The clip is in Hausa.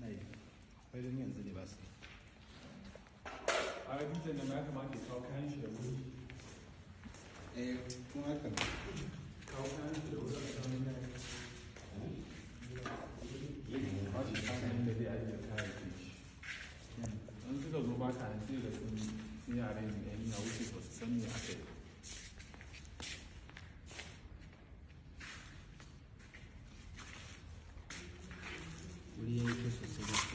Nej, weil den ganzen Nebas. Aber gut, in Amerika mag die Frau keine Stelle. Eh, guck mal. Frau keine Stelle, oder? An suka zo ba ka hanci da sun yare da yan yawuce ba su san me aka yi. Buraya yakıyorsun. Şey